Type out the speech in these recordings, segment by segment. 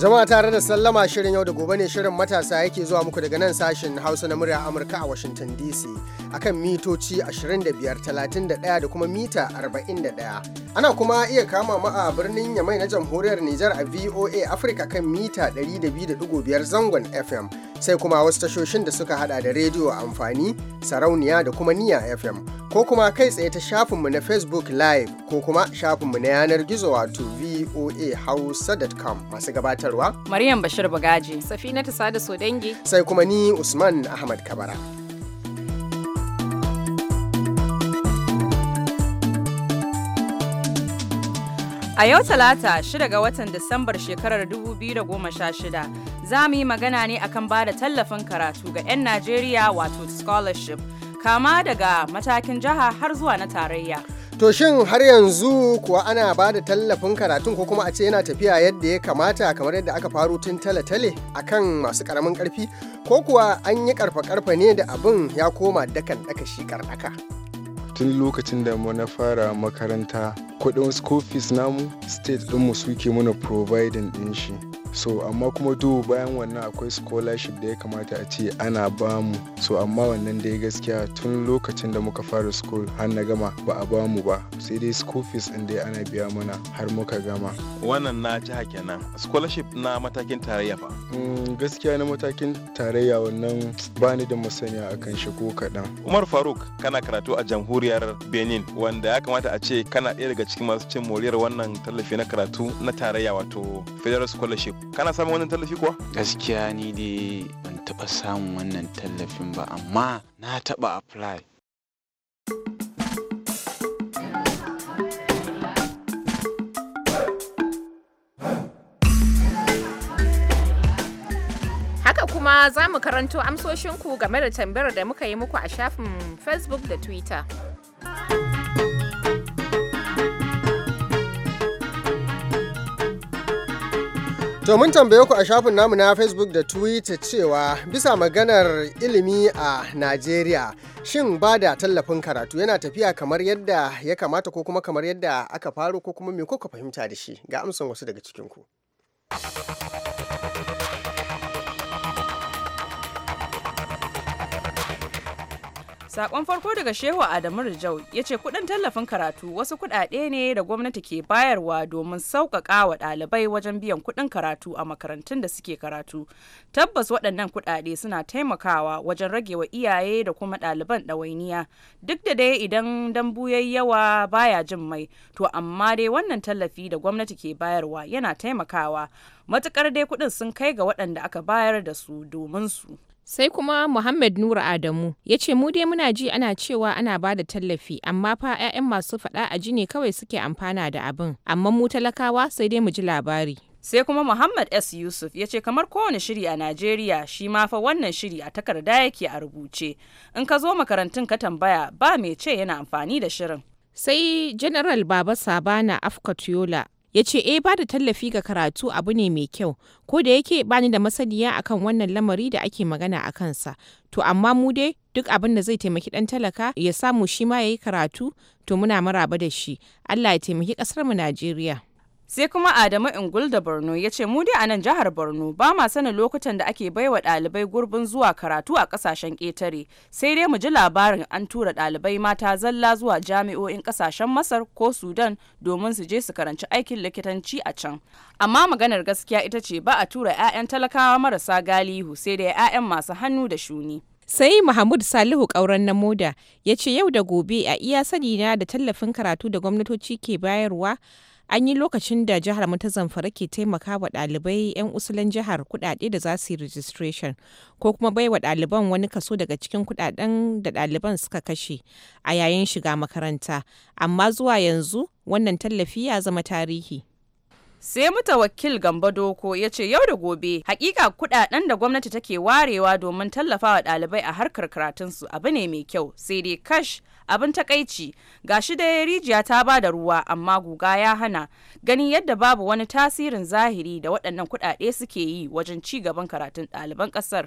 Jama'a tare da sallama shirin yau da gobe ne shirin matasa yake zuwa muku daga nan sashen Hausa na murya Amurka a Washington DC akan mitoci 25, 31 da kuma mita 41. Ana kuma iya kama mu a birnin Yamai na Jamhuriyar Nijar a VOA Africa kan mita 102.5 zangon FM. Sai kuma wasu tashoshin da suka hada da rediyo amfani, sarauniya da kuma niya FM. Ko kuma kai tsaye ta shafinmu na Facebook Live ko kuma shafinmu na yanar gizo wato voahausa.com masu gabatar gabatarwa Maryam Bashir Bagaji Safina Tasada dangi. sai kuma ni Usman Ahmad Kabara A yau Talata 6 ga watan Disambar shekarar 2016 za mu yi magana ne akan ba da tallafin karatu ga 'yan Najeriya wato scholarship kama daga matakin jiha har zuwa na tarayya. To shin har yanzu kuwa ana ba da tallafin karatun ko kuma a ce yana tafiya yadda ya kamata kamar yadda aka faru tun tale-tale a kan masu karamin karfi ko kuwa an yi karfa-karfa ne da abin ya koma dakan daka shi karnaka? Tun lokacin da na fara makaranta kuɗin school fees namu state ɗinmu suke muna providing ɗin shi. so amma kuma duk bayan wannan akwai scholarship da ya kamata a ce ana bamu so amma wannan dai gaskiya tun lokacin da muka fara school har na gama ba a bamu ba sai dai school fees din dai ana biya mana har muka gama wannan na jiha kenan scholarship na matakin tarayya fa mm, gaskiya na matakin tarayya wannan bani da masaniya akan shi ko kaɗan umar faruk kana karatu a jamhuriyar benin wanda ya kamata a ce kana ɗaya daga cikin masu cin moriyar wannan tallafi na karatu na tarayya wato federal scholarship kana samun wannan tallafi kuwa gaskiya ni dai ban taɓa samun wannan tallafin ba amma na taɓa apply kuma za mu karanto amsoshinku game da tambayar da muka yi muku a shafin facebook da twitter To mun tambaye ku a shafin namu na Facebook da Twitter cewa bisa maganar ilimi a Najeriya shin ba da tallafin karatu yana tafiya kamar yadda ya kamata ko kuma kamar yadda aka faru ko kuma me kuka fahimta da shi ga amsan wasu daga cikin ku. Sakon farko daga Shehu Adamu Rijau ya ce kuɗin tallafin karatu wasu kuɗaɗe ne da gwamnati ke bayarwa domin sauƙaƙa wa ɗalibai wajen biyan kuɗin karatu a makarantun da suke karatu. Tabbas waɗannan kuɗaɗe suna taimakawa wajen rage wa iyaye da kuma ɗaliban ɗawainiya. Duk da dai idan dambu yayi yawa baya jin mai, to amma dai wannan tallafi da gwamnati ke bayarwa yana taimakawa. Matukar dai kuɗin sun kai ga waɗanda aka bayar da su domin su. Sai kuma Muhammad Nura Adamu ya ce mu dai muna ji ana cewa ana ba da tallafi amma fa 'ya'yan masu faɗa a ji ne kawai suke amfana da abin amma mu talakawa sai dai mu ji labari. Sai kuma Muhammad S. Yusuf ya ce kamar kowane shiri a Najeriya shi ma fa wannan shiri a takarda yake a rubuce. In ka zo makarantun ka tambaya ba mai ce yana amfani da shirin. Sai General Baba Sabana Afkatiola ya ce e ba da tallafi ga karatu abu ne mai kyau ko da yake bani da masaniya akan wannan lamari da ake magana a kansa to amma mu dai duk abin da zai taimaki dan talaka ya samu shi ma ya yi karatu to muna maraba da shi allah ya taimaki kasar mu najeriya sai kuma adamu ingul da borno ya ce mu dai a nan jihar borno ba ma sanin lokutan da ake baiwa dalibai gurbin zuwa karatu a kasashen ƙetare sai dai mu ji labarin an tura dalibai mata zalla zuwa jami'o'in kasashen masar ko sudan domin su je su karanci aikin likitanci a can amma maganar gaskiya ita ce ba a tura 'ya'yan talakawa marasa galihu sai dai 'ya'yan masu hannu da shuni sai mahmud salihu kauran na moda ya ce yau da gobe a iya sani na da tallafin karatu da gwamnatoci ke bayarwa An yi lokacin da jihar mu ta Zamfara ke taimaka wa dalibai 'yan usulan jihar kudade da za su yi registration ko kuma bai wa daliban wani kaso daga cikin kuɗaɗen da daliban suka kashe a yayin shiga makaranta. Amma zuwa yanzu wannan tallafi ya zama tarihi. sai mutawakil gamba doko ya ce yau da gobe hakika kudaden da gwamnati take warewa domin tallafawa dalibai a harkar karatunsu abu ne mai kyau sai dai kash abin takaici gashi da rijiya ta ba da ruwa amma guga ya hana gani yadda babu wani tasirin zahiri da waɗannan kuɗaɗe suke yi wajen ci gaban karatun ɗaliban ƙasar.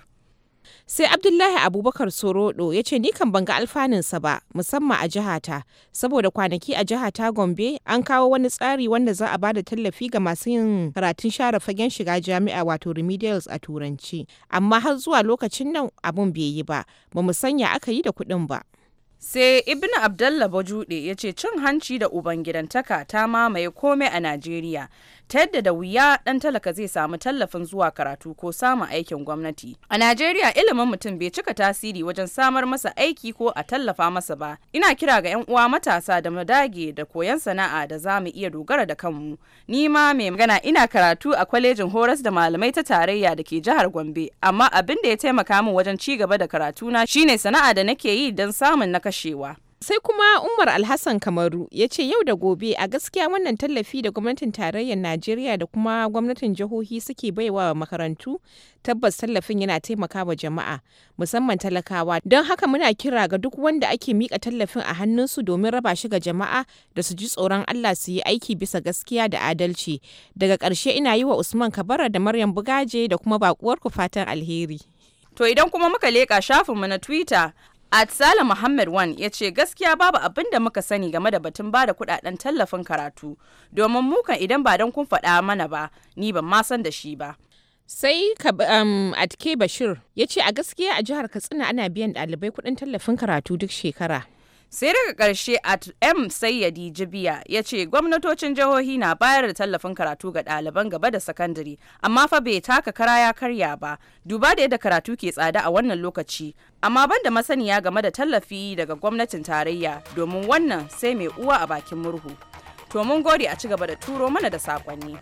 sai abdullahi abubakar sorodo ya ce ni kan ban ga alfaninsa ba musamman a jihata saboda kwanaki a jihata gombe an kawo wani tsari wanda za a bada tallafi ga masu yin karatun share fagen shiga jami'a wato remedials a turanci amma har zuwa lokacin nan abun bai yi ba ba mu sanya aka yi da kuɗin ba sai ibn abdallah bajude ya ce cin hanci da ubangidantaka ta mamaye komai a najeriya ta yadda da wuya dan talaka zai samu tallafin zuwa karatu ko samun aikin gwamnati a najeriya ilimin mutum bai cika tasiri wajen samar masa aiki ko a tallafa masa ba ina kira ga yan uwa matasa da mu da koyon sana'a da za mu iya dogara da kanmu ni ma mai magana ina karatu a kwalejin horas da malamai ta tarayya da ke jihar gombe amma abin da ya taimaka min wajen ci gaba da karatuna shine sana'a da nake yi don samun na kashewa. Sai kuma Umar Alhassan Kamaru ya ce yau da gobe a gaskiya wannan tallafi da gwamnatin tarayyar Najeriya da kuma gwamnatin jihohi suke baiwa makarantu tabbas tallafin yana taimakawa jama'a musamman talakawa don haka muna kira ga duk wanda ake mika tallafin a hannunsu domin raba shi ga jama'a da su ji tsoron Allah su yi aiki bisa gaskiya da adalci. Daga karshe ina yi wa Usman Kabara da Maryam Bugaje da kuma baƙuwarku fatan alheri. To idan kuma muka leƙa shafinmu na Twitter Atsala Muhammad Wan ya ce gaskiya babu abin da muka sani game da batun ba da kudaden tallafin karatu domin mukan idan ba don kun faɗa mana ba ni ban ma san da shi ba. Sai um, Atke Bashir ya ce a gaskiya a jihar Katsina ana biyan ɗalibai kuɗin tallafin karatu duk shekara. sai daga karshe at m sayyadi jibiya ya ce gwamnatocin jihohi na bayar da tallafin karatu ga ɗaliban gaba da sakandare amma fa bai taka kara ya karya ba duba da yadda karatu ke tsada a wannan lokaci amma ban da masaniya game da tallafi daga gwamnatin tarayya domin wannan sai mai uwa a bakin murhu to mun gode a ci gaba da turo mana da saƙonni.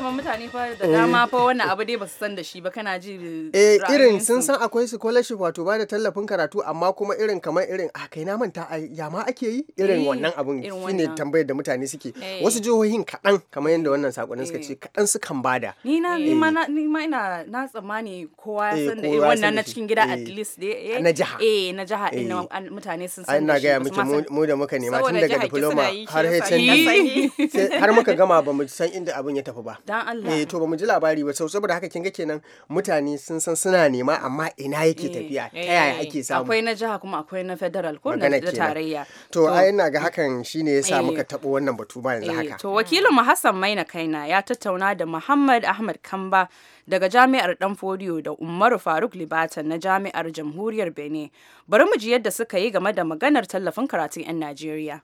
kuma mutane fa da eh. dama fa wannan abu dai ba su san da shi ba kana ji eh irin sun san akwai scholarship wato ba da tallafin karatu amma kuma irin kamar irin a ah, kai na manta ya ma ake yi irin eh, wannan abun shine tambayar da mutane suke eh. wasu jihohin kaɗan kamar yadda wannan sakonin suka ce kaɗan sukan bada ni na ni ma ni ma ina na tsammani kowa ya san da wannan na cikin gida at least dai na jaha eh na jaha din mutane sun san ina ga miki mu da muka nema tun daga diploma har har muka gama ba mu san inda abun ya tafi ba dan Allah eh to bamu ji labari ba saboda haka kin ga kenan mutane sun san suna nema amma ina yake eh, tafiya ta eh, yaya eh. ake samu akwai na jiha kuma akwai na federal ko na tarayya to ai ina ga hakan shine yasa muka tabo wannan batu ba yanzu haka to wakilin mu Hassan Maina Kaina ya tattauna da Muhammad Ahmad Kamba daga jami'ar Danfodiyo da Umaru Faruk Libatan na jami'ar Jamhuriyar Benin bari mu ji yadda suka yi game da maganar tallafin karatun 'yan Najeriya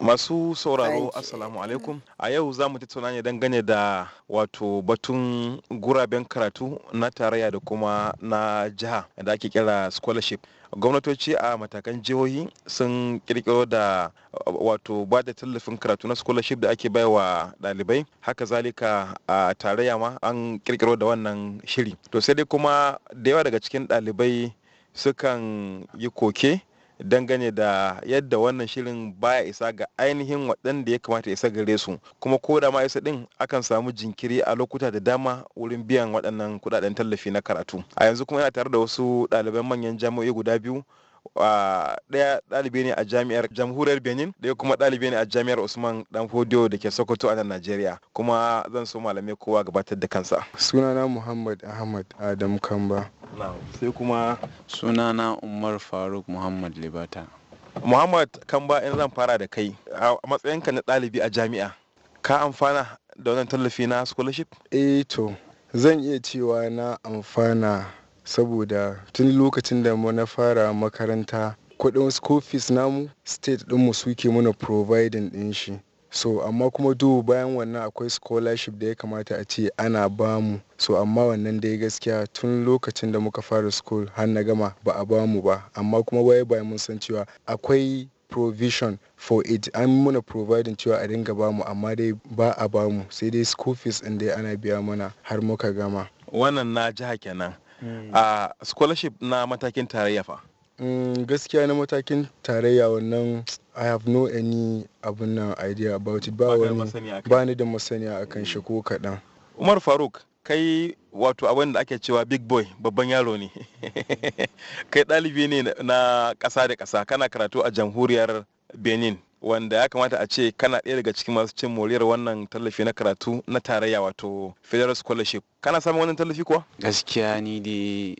Masu sauraro Assalamu alaikum. A yau za mu tattauna ne dangane da wato batun guraben karatu na tarayya da kuma na jiha da ake kira scholarship. Gwamnatoci a matakan jihohi sun kirkiro da wato ba da tallafin karatu na scholarship da ake baiwa ɗalibai. Haka zalika a tarayya ma an kirkiro da wannan shiri. To sai dai kuma da yawa daga cikin ɗalibai sukan yi koke. dangane da yadda wannan shirin baya isa ga ainihin waɗanda ya kamata isa gare su kuma ko da ma isa din akan samu jinkiri a lokuta da dama wurin biyan waɗannan kuɗaɗen tallafi na karatu a yanzu kuma yana tare da wasu ɗaliban manyan jami'o'i guda biyu ɗaya ɗalibi ne a jami'ar jamhuriyar benin da kuma ɗalibi ne a jami'ar usman dan fodiyo da ke sokoto a nan najeriya kuma zan so malamai kowa gabatar da kansa sunana muhammad ahmad adam kamba sai kuma sunana umar faruk muhammad libata muhammad kan ba in zan fara da kai a matsayinka na ɗalibi a jami'a ka amfana da wannan tallafi na scholarship eh to zan iya cewa na amfana saboda tun lokacin da na fara makaranta kudin school fees namu state dinmu suke mana providing din shi so amma kuma do bayan wannan akwai scholarship da ya kamata a ce ana bamu so amma wannan dai gaskiya tun lokacin da muka fara school har na gama ba a bamu ba amma kuma baya bayan mun san cewa akwai provision for it an muna providing cewa a dinga bamu amma dai ba a bamu sai dai school fees din dai ana biya mana har muka gama wannan na jiha kenan hmm. a ah, scholarship na matakin tarayya fa Mm, gaskiya na matakin tarayya wannan I have no any abun nan idea about it ba wani ba ni da masaniya akan shi ko kaɗan. Umar Faruk kai wato abin da ake cewa big boy babban yaro ne kai ɗalibi ne na ƙasa da ƙasa kana karatu a jamhuriyar Benin wanda ya kamata a ce kana ɗaya daga cikin masu cin moriyar wannan tallafi na karatu na tarayya wato federal scholarship kana samun wannan tallafi kuwa gaskiya ni dai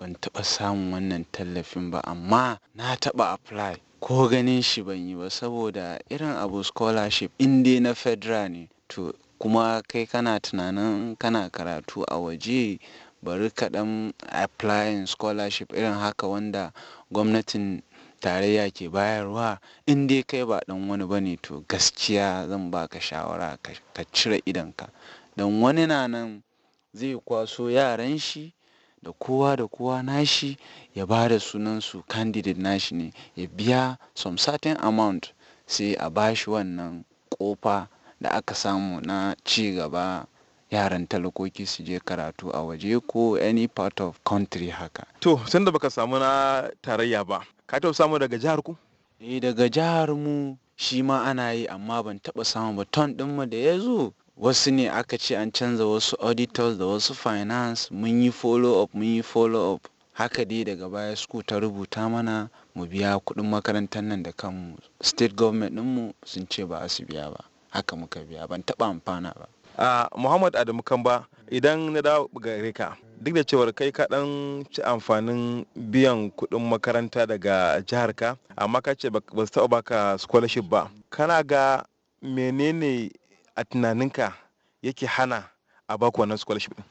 ban taɓa samun wannan tallafin ba amma na taɓa apply ko ganin shi ban yi ba saboda irin abu scholarship in dai na federal ne to kuma kai kana tunanin kana karatu a waje bari kaɗan applying scholarship irin haka wanda gwamnatin tarayya ke bayarwa in dai kai ba ɗan wani ba ne to gaskiya zan baka shawara ka cire idonka don wani na nan zai kwaso yaran shi da kowa da kowa nashi ya ba da sunan su candidate nashi ne ya biya some certain amount sai a ba shi wannan kofa da aka samu na ci gaba yaran talakoki su je karatu a waje ko any part of country haka. To, tun da baka samu na tarayya ba, ka taɓa samu daga jihar ku? Eh daga jihar mu shi ma ana yi amma ban taɓa samu ba ton ɗinmu da ya wasu ne aka ce an canza wasu auditors da wasu finance mun yi follow up mun yi follow up haka dai daga baya suku ta rubuta mana mu biya kuɗin makarantar nan da kanmu state government ɗinmu sun ce ba su biya ba haka muka biya ban taɓa amfana ba uh, muhammad adamu kamba idan na dawo ga ka duk da cewar kai ka dan ci amfanin biyan kuɗin makaranta daga jihar ka amma ka ce ba su taɓa baka scholarship ba kana ga menene a tunaninka yake hana a baku wannan scholarship din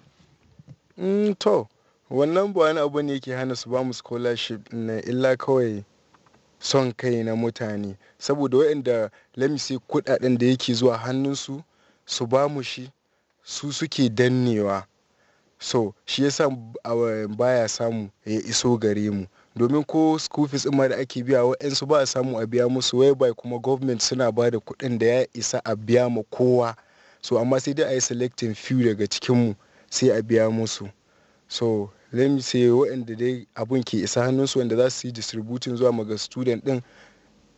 mm, to wannan ba wani abu ne yake hana su ba mu scholarship na illa kawai son kai na mutane saboda waɗanda lamisi kudaden da yake zuwa hannunsu su ba mu shi su suke dannewa so shi yasa ah, baya samu ya iso gare mu domin ko school fees ma da ake biya wa'yansu ba a samu a biya musu whereby kuma government suna ba da kuɗin da ya isa a biya ma kowa so amma sai dai a yi selecting few daga cikinmu sai a biya musu so let me say waɗanda dai abun ke isa hannunsu wanda za su yi distributing zuwa maga student din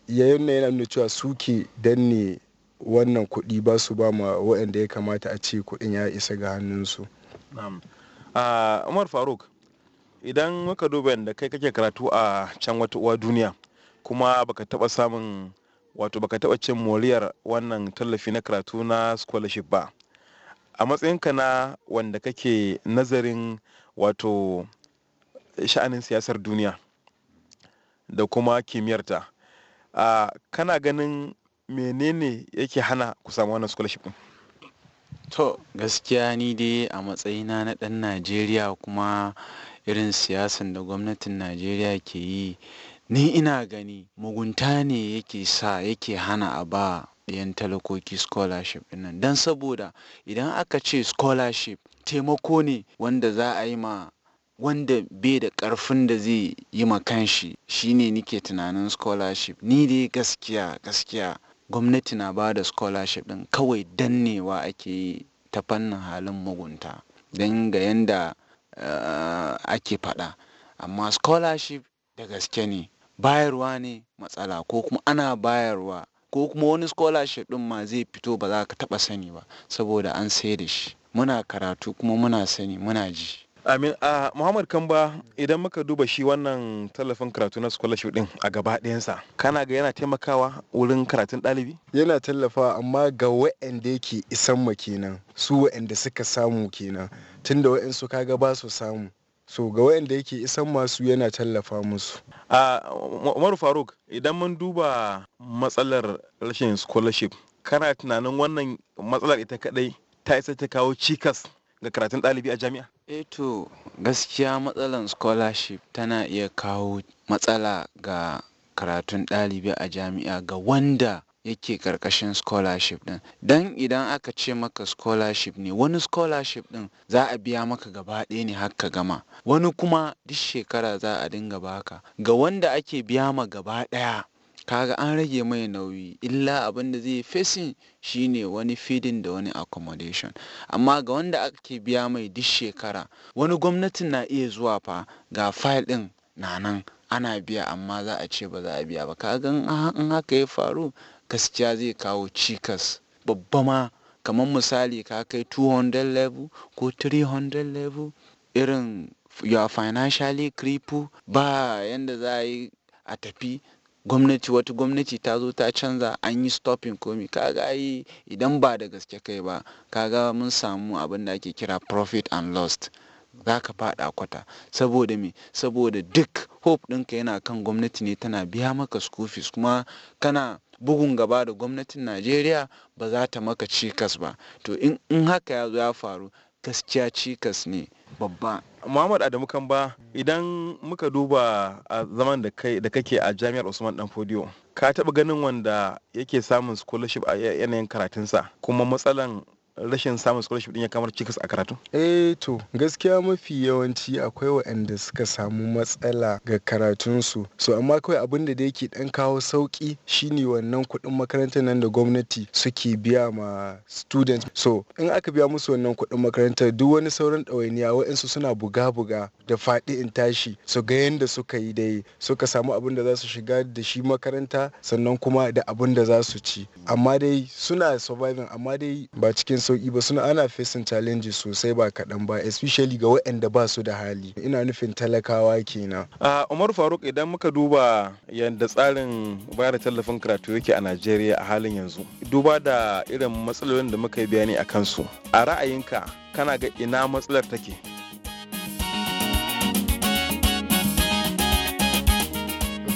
yayin yana nuna cewa su ke danne wannan kuɗi ba su ba ma waɗanda ya kamata a ce kuɗin ya isa ga hannunsu. Ah, Umar Faruk, idan muka duba da kai kake karatu a can wata uwa duniya kuma baka taba samun wato baka taba cin moriyar wannan tallafi na karatu na scholarship ba a matsayinka na wanda kake nazarin wato sha'anin siyasar duniya da kuma kimiyyarta kana ganin menene yake hana ku samu wannan scholarship din to gaskiya ni dai a matsayina na ɗan najeriya kuma irin siyasan da gwamnatin najeriya ke yi ni ina gani mugunta ne yake sa yake hana a ba yan talakoki scholarship nan don saboda idan aka ce scholarship taimako ne wanda za a yi ma wanda bai da karfin da zai yi ma shi shine nike tunanin scholarship ni da gaskiya gaskiya gwamnati na ba da scholarship ɗin kawai dannewa ake yi ta fannin halin mugunta don ga yanda ake faɗa amma scholarship da gaske ne bayarwa ne matsala ko kuma ana bayarwa ko kuma wani scholarship ɗin ma zai fito ba za ka taɓa sani ba saboda an sai da shi muna karatu kuma muna sani muna ji amin a ah, muhammad kamba idan muka duba shi wannan tallafin karatu na scholarship din a gaba ɗayansa kana ga yana taimakawa wurin karatun ɗalibi yana tallafa amma ga wa'anda yake isan ma kenan su wa'anda suka samu kenan Tun da wa'insu kaga ba su samu so ga waɗanda yake isan masu yana tallafa musu umaru faruk idan mun duba matsalar rashin scholarship kana tunanin wannan matsalar ita kadai ta isa ta kawo cikas ga karatun ɗalibi a jami'a Eto, eh gaskiya matsalar scholarship tana iya kawo matsala ga karatun ɗalibi a jami'a ga wanda yake karkashin scholarship din dan idan aka ce maka scholarship ne wani scholarship din za a biya maka gaba ɗaya ne haka gama wani kuma duk shekara za a dinga baka ga wanda ake biya ma gaba ɗaya kaga an rage mai nauyi illa abin da zai facing shine wani feeding da wani accommodation amma ga wanda ake biya mai duk shekara wani gwamnatin na iya zuwa fa ga file din na nan ana biya amma za a ce ba za a biya ba kaga in haka ya faru gaskiya zai kawo cikas babba ma kamar misali ka kai 200 level ko 300 level irin ya financially cripple ba yanda za a yi a tafi gwamnati wata gwamnati ta zo ta canza an yi stopping komi kaga yi idan ba da gaske kai ba kaga mun samu abin da ake kira profit and lost za ka fada kwata saboda me saboda duk hope ɗinka yana kan gwamnati ne tana biya maka school fees kuma kana bugun gaba da gwamnatin najeriya ba za ta maka cikas ba to in haka ya zo ya faru gaskiya cikas ne babba muhammad adamu kamba idan muka duba a zaman da kake a jami'ar usman dan fodiyo ka taɓa ganin wanda yake samun scholarship a yanayin karatunsa kuma matsalan rashin samun scholarship din ya kamar cikas a karatu? Eh to gaskiya mafi yawanci akwai waɗanda suka samu matsala ga karatunsu. So amma kawai abin da yake ɗan kawo sauƙi shine wannan kuɗin makarantar nan da gwamnati suke biya ma student. So in aka biya musu wannan kuɗin makarantar duk wani sauran ɗawainiya waɗansu suna buga-buga da faɗi in tashi su ga yanda suka yi dai suka samu abin da za su shiga da shi makaranta sannan kuma da abin da za su ci. Amma dai suna surviving amma dai ba cikin sauki ba suna ana facing challenges sosai ba kaɗan ba especially ga waɗanda ba su da hali ina nufin talakawa kenan. a umar faruk idan muka duba yadda tsarin bayar da tallafin karatu yake a najeriya a halin yanzu duba da irin matsalolin da muka yi bayani a kansu a ra'ayinka kana ga ina matsalar take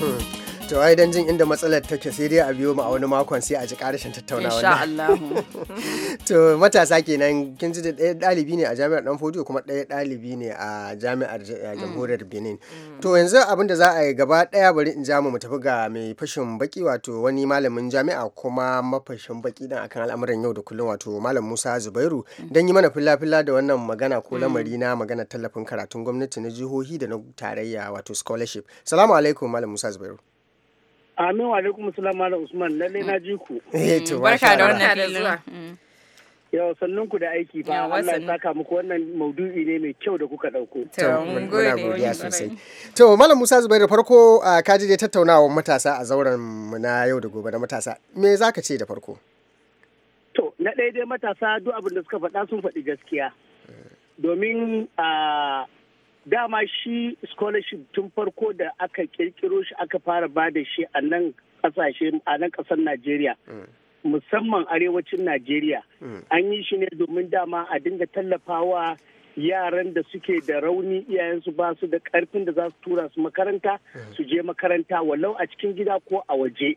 hmm. To ai dan jin inda matsalar take sai dai a biyo mu a wani makon sai a ji karshen tattaunawa. Insha Allah. to matasa kenan kin ji da ɗaya ɗalibi ne a jami'ar Dan Fodiyo kuma ɗaya ɗalibi ne a jami'ar Jamhuriyar Benin. Mm. To yanzu abin da za a yi gaba ɗaya bari in ja mu mu tafi ga mai fashin baki wato wani malamin jami'a kuma mafashin baki dan akan al'amuran yau da kullum wato malam Musa Zubairu mm. dan yi mana filla-filla da wannan magana ko mm. lamari na magana tallafin karatun gwamnati na jihohi da na tarayya wato scholarship. Salamu alaikum malam Musa Zubairu. Amin wa alaikum salam ala Usman lalle na ji ku. Eh to mm, barka da wannan zuwa. Mm. Yau sannun ku da aiki fa Allah ya saka muku wannan maudu'i ne mai kyau da kuka dauko. To mun godiya sosai. To Malam Musa Zubair da farko ka ji da tattaunawa matasa a zauren mu na yau da gobe da matasa. Me zaka ce da farko? To na ɗaya dai matasa duk abin da suka faɗa sun faɗi gaskiya. Domin a dama shi scholarship tun farko da aka kirkiro shi aka fara ba da shi a nan kasashe a nan kasar najeriya musamman arewacin najeriya mm. an yi shi ne domin dama a dinga tallafawa yaran da suke da rauni iyayensu ba su da karfin da za su tura su makaranta su je makaranta walau a cikin gida ko a waje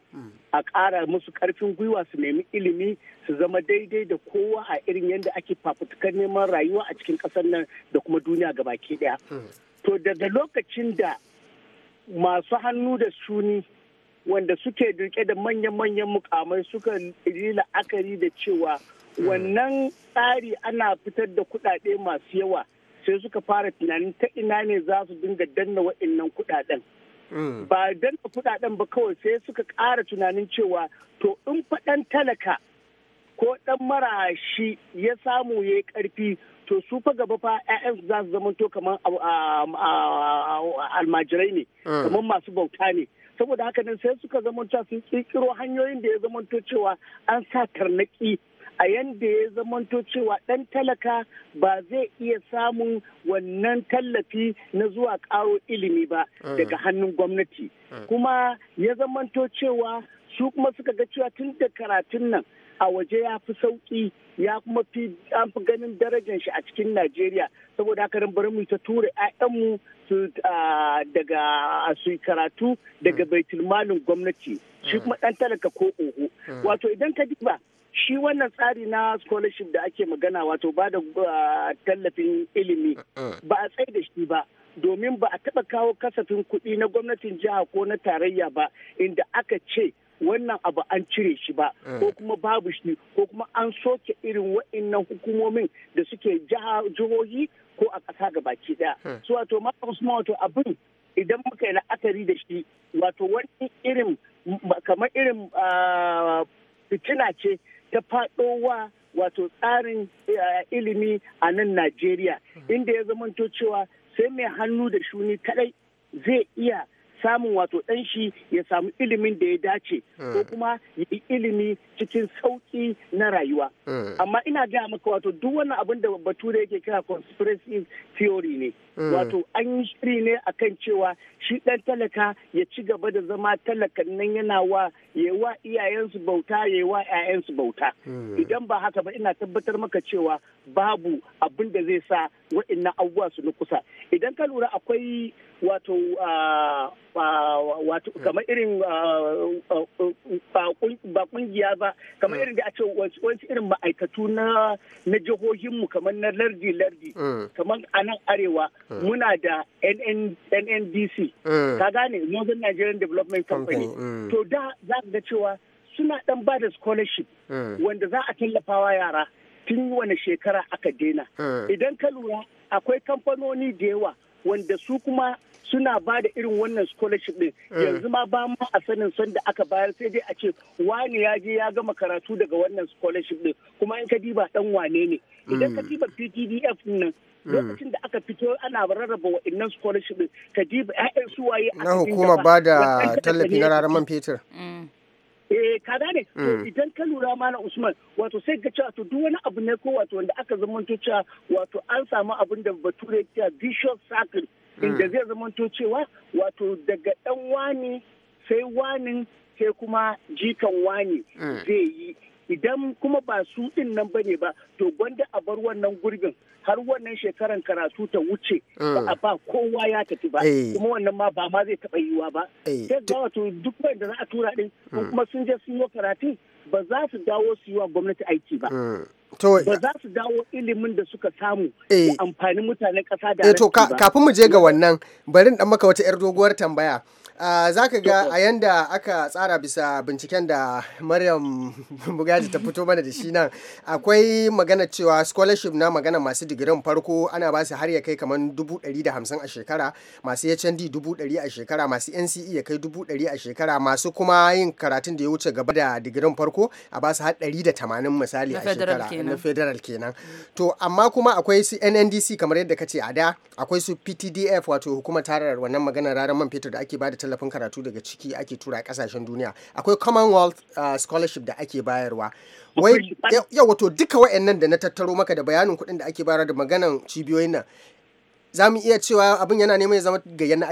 a ƙara musu karfin gwiwa su nemi ilimi su zama daidai da kowa a irin yadda ake fafutukar neman rayuwa a cikin ƙasar nan da kuma duniya gabaki ɗaya to daga lokacin da masu hannu da suni wanda suke da manya-manyan mukamai suka yi la'akari da cewa wannan tsari ana fitar da kudade masu yawa sai suka fara tunanin ta ina ne za su dinga danna waɗannan kudaden. Mm. Ba danna kudaden ba kawai sai suka ƙara tunanin cewa to in faɗan talaka ko ɗan marashi ya samu ya yi ƙarfi to su fa gaba fa 'ya'yansu za su zama to kamar ah, ah, ah, almajirai ne mm. kamar masu bauta ne saboda haka nan sai suka zamanta sun ƙirƙiro hanyoyin da ya zama cewa an sa tarnaki a yanda ya zamanto cewa ɗan talaka ba zai iya samun wannan tallafi na zuwa ƙaro ilimi ba ah. daga hannun gwamnati ah. kuma ya zamanto cewa su kuma suka ga cewa tun da karatun nan a waje ya fi sauƙi ya kuma fi an fi ganin darajar shi a cikin Najeriya saboda haka nan bari mu ta tura ƴaƴanmu su daga su karatu daga ah. baitulmalin gwamnati shi kuma ɗan talaka ko oho wato idan ka diba shi wannan tsari na scholarship da ake magana wato ba da uh, tallafin ilimi uh, uh. ba a tsaye da shi ba domin ba a taba kawo kasafin kuɗi na gwamnatin jiha ko na tarayya ba inda aka ce wannan abu an cire shi ba ko kuma babu shi ko kuma an soke irin wa'innan hukumomin da suke jihohi ko a ƙasa ga baki ɗaya. su wato ma wato abin idan muka yi la'akari da shi wato wani irin kamar irin fitina ce ta faɗowa wato tsarin eh, ilimi a nan Najeriya hmm. inda ya zamanto cewa sai mai hannu da shuni kadai zai iya samun wato ɗan shi ya samu ilimin da ya dace ko eh. kuma ya yi ilimi cikin sauƙi na rayuwa eh. amma ina gaya maka wato duk wani abin da bature yake kira conspiracy theory ne eh. wato an yi shiri ne a kan cewa shi ɗan talaka ya ci gaba da zama talakan nan yana wa ya wa iyayensu bauta ya wa 'ya'yansu bauta idan ba haka ba ina tabbatar maka cewa babu abin da zai sa wa'annan abubuwa su na kusa idan ka lura akwai wato kamar irin ba kungiya ba kamar irin da a ce wancan irin ma'aikatu na na jihohinmu kamar na lardi lardi mm. kamar a nan arewa mm. muna da nndc mm. ka gane northern nigerian development company to da za ga cewa suna dan ba da scholarship wanda za a tallafawa yara tun wani shekara aka daina eh. idan ka lura akwai kamfanoni da yawa wanda su kuma suna ba da irin wannan scholarship din eh. yanzu ma ba ma a sanin son da aka bayar sai dai a ce wani ya je ya gama karatu daga wannan scholarship din kuma in ka diba dan wane ne idan ka hmm. diba PTDF nan hmm. lokacin da aka fito ana rarraba wa'annan scholarship din ka diba ƴaƴan waye a cikin hukuma ba da tallafi na rarraman fetur hmm. eh kada ne to mm. idan ka lura mana usman wato sai ga cewa to duk wani abu ne ko wato wanda aka zamanto cewa wato an samu abin da bature ya vicious circle mm. inda zai zamanto cewa wato daga dan wani sai wanin sai kuma jikan wani mm. zai yi idan kuma ba su din nan bane ba to gwanda a bar wannan gurbin har wannan shekaran karatu ta wuce ba a ba kowa ya tafi ba eh. kuma wannan ma ba ma zai taba yiwa ba eh. sai ga wato duk wanda za a tura din hmm. kuma sun je sun yi karatun ba za su dawo su yi wa gwamnati aiki ba hmm. ba za su dawo ilimin da suka samu da eh. amfani mutanen ƙasa da eh, to kafin mu je ga wannan bari dan maka wata 'yar doguwar tambaya Uh, za ka ga a yanda aka tsara bisa binciken da maryam bugaji ta fito mana da shi nan akwai magana cewa scholarship na magana masu digirin farko ana ba su har ya kai kamar 150 a shekara masu hnd 100 a shekara masu nce ya kai 100 a shekara masu kuma yin karatun da ya wuce gaba da digirin farko a ba su har 180 misali a shekara na federal kenan to amma kuma akwai su nndc kamar yadda ka ce a da akwai su ptdf wato hukumar tarar wannan maganar rarar man fetur da ake bada tallafin karatu daga ciki ake tura kasashen duniya akwai commonwealth uh, scholarship da ake bayarwa wai yau wato duka wa'annan da na tattaro maka da bayanin kuɗin da ake bayar da maganan cibiyoyin nan za mu iya cewa abin yana neman ya zama ga yana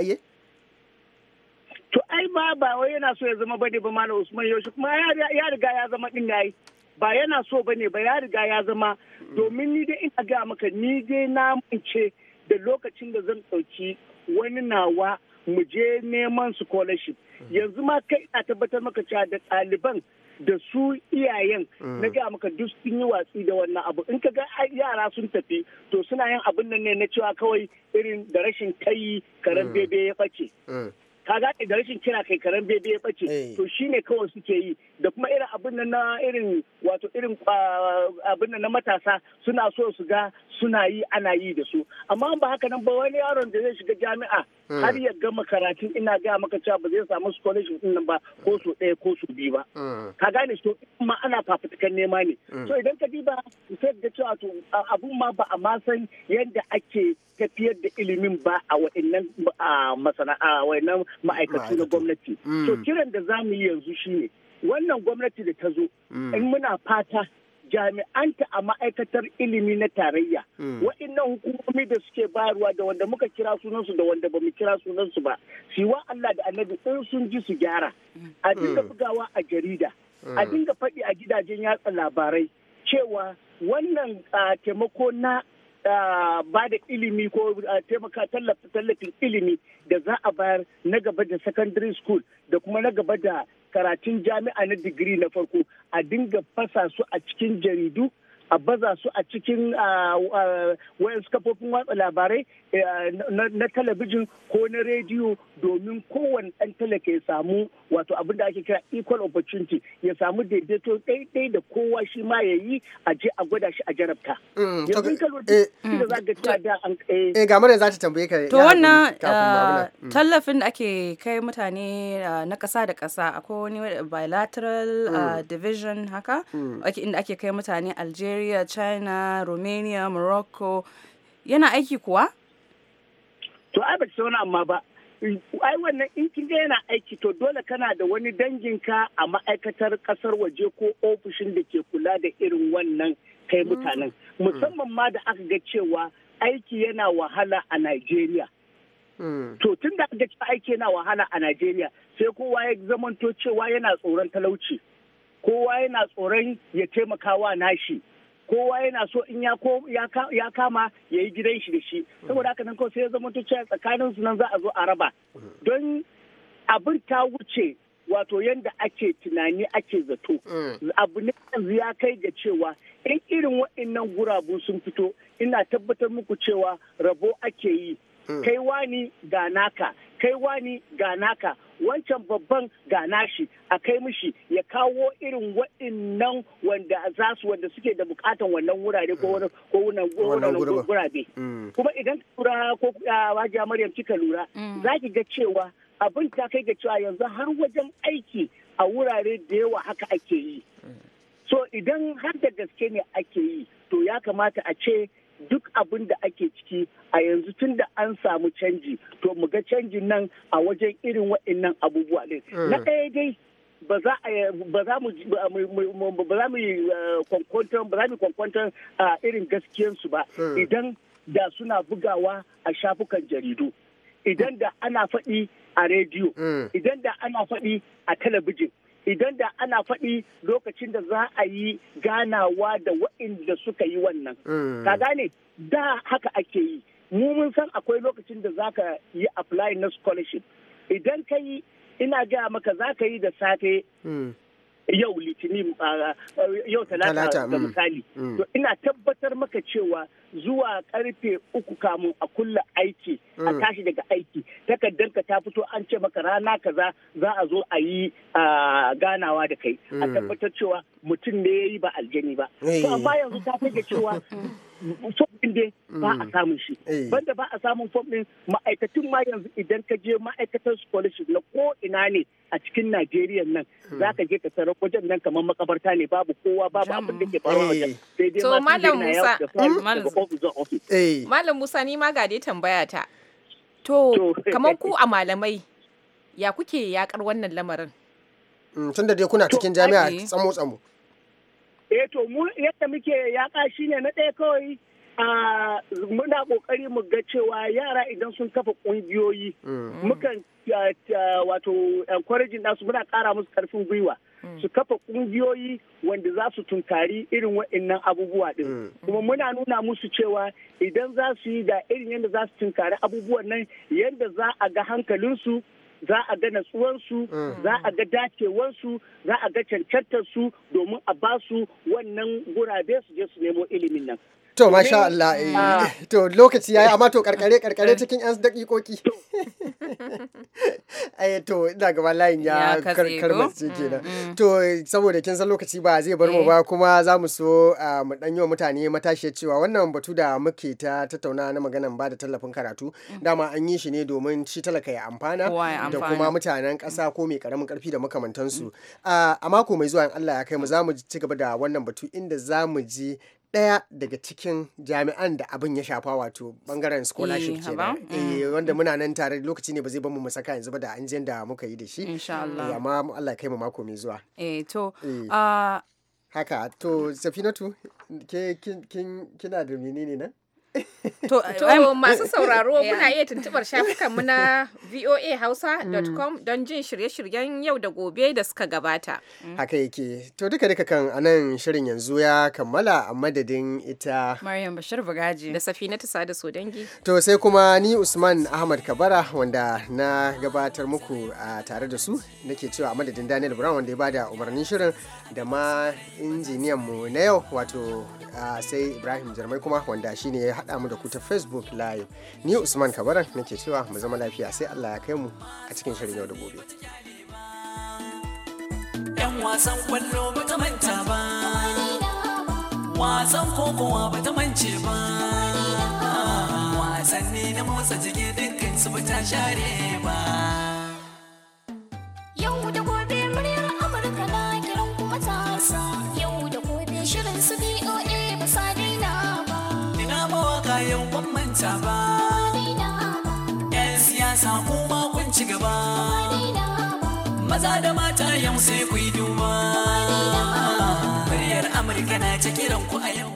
To ai ma ba wai yana so ya zama bane ba malam Usman yaushe kuma ya riga ya zama din yayi. ba yana so ba ne ba ya riga ya zama domin ni dai ina ga maka ni dai na mance da lokacin da zan ɗauki wani nawa mu je neman scholarship yanzu ma kai ina tabbatar maka cewa da ɗaliban da su iyayen mm. na ga maka duk sun yi watsi da wannan abu in ka ga yara sun tafi to suna yin abin nan ne na cewa kawai irin da rashin kai karan bebe ya ɓace. Mm. ka gane da rashin kira kai karen bebe ya bace eh. to shine kawai suke yi da kuma irin abin na irin wato irin ah, abin na matasa suna so su ga suna yi ana yi da su amma ba haka nan ba wani yaron da zai shiga jami'a hmm. har ya gama karatun ina gaya maka cewa ba zai samu scholarship din nan ba ko su ɗaya ko su biyu ba hmm. ka gane to ma ana fafutukan nema ne hmm. so idan ka diba sai ka cewa to abun ma ba a ma san yadda ake tafiyar da ilimin ba a wa'annan masana'a wa'annan ma'aikatu na gwamnati to kiran da za mu yi yanzu shine wannan gwamnati da ta zo in muna fata jami'anta a ma'aikatar ilimi na tarayya hmm. waɗannan hukumomi da suke bayarwa da wanda muka kira sunansu da wanda mu kira sunansu ba siwa Allah da annabi in sun ji su gyara a hmm. dinga bugawa a jarida a hmm. dinga faɗi a gidajen yatsa labarai cewa wannan taimako na ba da ilimi ko taimaka tallafin ilimi da za a bayar na gaba da secondary school da kuma na gaba da karatun jami'a na digiri na farko a dinga fasa su a cikin jaridu a baza su a cikin wayansu kafofin watsa labarai eh, na talabijin ko na rediyo domin kowane ɗan talaka ya samu wato abin da ake kira equal opportunity ya samu daidaito daidai da kowa shi ma ya yi a je a gwada shi a jarabta. Mm, Yanzu ka eh, da mm. za ka da an eh, eh ga mura za ta tambaye ka. To wannan mm. tallafin da ake kai mutane na ƙasa da ƙasa akwai wani bilateral division haka inda ake kai mutane Algeria Nigeria, China, Romania, Morocco yana aiki kuwa? To ai ba wani amma ba. Ai wannan in kin yana aiki to dole kana da wani danginka a ma'aikatar kasar waje ko ofishin da ke kula da irin wannan kai mm. mutanen. Musamman ma da aka ga cewa aiki yana wahala a Nigeria. Mm. To tun da aka ga aiki yana wahala a Nigeria sai kowa ya zamanto cewa yana tsoron talauci. Kowa yana tsoron ya taimakawa nashi. kowa yana so in ya kama ya yi gidan shi da shi saboda haka nan kawai sai ya zama cewa tsakanin su nan za a zo a raba don abin ta wuce wato yadda ake tunani ake zato mm. abu ne yanzu ya kai ga cewa in irin wa'annan gurabu sun fito ina tabbatar muku cewa rabo ake yi mm. kai wani ga naka kai wani ga naka wancan babban ga nashi a kai mishi ya kawo irin waɗannan wanda za su wanda suke da bukatan wannan wurare ko wannan gurabe mm. kuma idan lura ko wajiya ah, maryam kika lura mm. za ki ga cewa abin ta kai ga cewa yanzu har wajen aiki a wurare da yawa haka ake yi mm. so idan har da gaske ne ake yi to ya kamata a ce duk abin da ake ciki a yanzu tun da an samu canji to mu ga canjin nan a wajen irin waɗannan abubuwa ne. Eh. na ɗaya dai ba za mu ba za mu eh, ah, irin gaskiyansu ba eh. idan da suna bugawa a shafukan jaridu idan da ana faɗi a rediyo idan da ana faɗi a talabijin idan da ana faɗi lokacin da za a yi ganawa da waɗanda suka yi wannan. Mm. Ka gane da haka ake yi. Mu mun san akwai lokacin da za ka yi apply na scholarship. Idan ka yi ina gaya maka za ka yi da safe mm. yau litinin uh, uh, yau talata ga mm, misali mm. to ina tabbatar maka cewa zuwa karfe uku kamun a kulla aiki a mm. tashi daga aiki takardar ka ta fito an ce maka rana kaza za a zo a yi uh, ganawa da kai a tabbatar cewa mutum ne ya yi ba aljani ba to eh. amma yanzu ta cewa fom dai ba a mm. samun shi eh. banda ba a samun fom ma'aikatun ma yanzu idan ka je ma'aikatar scholarship na ko ina ne a cikin Najeriya nan hmm. za ka je ka tsara wajen nan kamar makabarta ne babu kowa babu abin da ke faruwa wajen eh. sai dai ma malam Musa hmm? eh. malam Musa ni ma ga dai tambaya ta to kamar ku a malamai ya kuke yakar wannan lamarin mm, tunda dai kuna cikin jami'a tsamo tsamo eh to mu yadda muke yaƙa ne na ɗaya kawai muna ƙoƙari mu ga cewa yara idan sun kafa ƙungiyoyi mm. mukan wato encouraging nasu muna ƙara musu ƙarfin gwiwa mm. su kafa ƙungiyoyi wanda za su tunkari irin wa'annan abubuwa ɗin mm. kuma muna nuna musu cewa idan za su yi da irin yadda za su tunkari abubuwan nan yadda za a ga hankalinsu za a ga natsuwarsu mm. za a ga dacewarsu za a ga cancantarsu domin a ba su wannan gurabe su je su nemo ilimin nan To masha Allah eh, to lokaci yayi amma to karkare karkare eh. cikin yan dakikoki. Eh to ina gaba layin ya karkar karkarmace kenan. Mm, mm. To saboda kin san lokaci ba zai bar mu eh. ba kuma za mu so mu dan yi wa mutane matashi cewa wannan batu da muke ta tattauna na maganan ba da tallafin karatu mm. dama an yi shi ne domin shi talaka ya amfana da kuma mutanen ƙasa ko mai karamin karfi da makamantansu. A mako mai zuwa in Allah ya kai mu za mu ci gaba da wannan batu inda za mu ji ɗaya daga cikin jami'an da abin ya shafa wato bangaren scholarship ce eh, mm. eh wanda mm. muna nan tare lokaci ne ba zai bamu mu saka yanzu ba da an da muka yi da shi eh, amma Allah ya kai mu mako mai zuwa eh, ah, haka to safinatu kina da menene nan To, um, masu eh, sauraro eh, muna iya tuntubar eh. shafukanmu na voahausa.com mm. don jin shirye-shiryen yau da gobe da suka gabata. Mm. Haka yake, to duka duka kan anan shirin yanzu ya kammala a madadin ita. Maryam Bashir Bugaji. Da Safina ta sada Sodangi. To sai kuma ni Usman Ahmad Kabara wanda na gabatar muku a tare da su nake cewa a madadin Daniel Brown wanda ya bada umarnin shirin da ma mu na yau wato sai Ibrahim Jarmai kuma wanda shine ya haɗa mu da ku ta facebook live ni usman kabaran nake cewa mu zama lafiya sai allah ya kai mu a cikin shirin yau da gobe wasan kwallo ba ta manta ba wasan kokowa ba ta mance ba wasanni na motsa jiki dukkan su ba ta share ba yau da gobe maza da mata yau sai ku yi duba muryar amurka na ta kiran ku a yau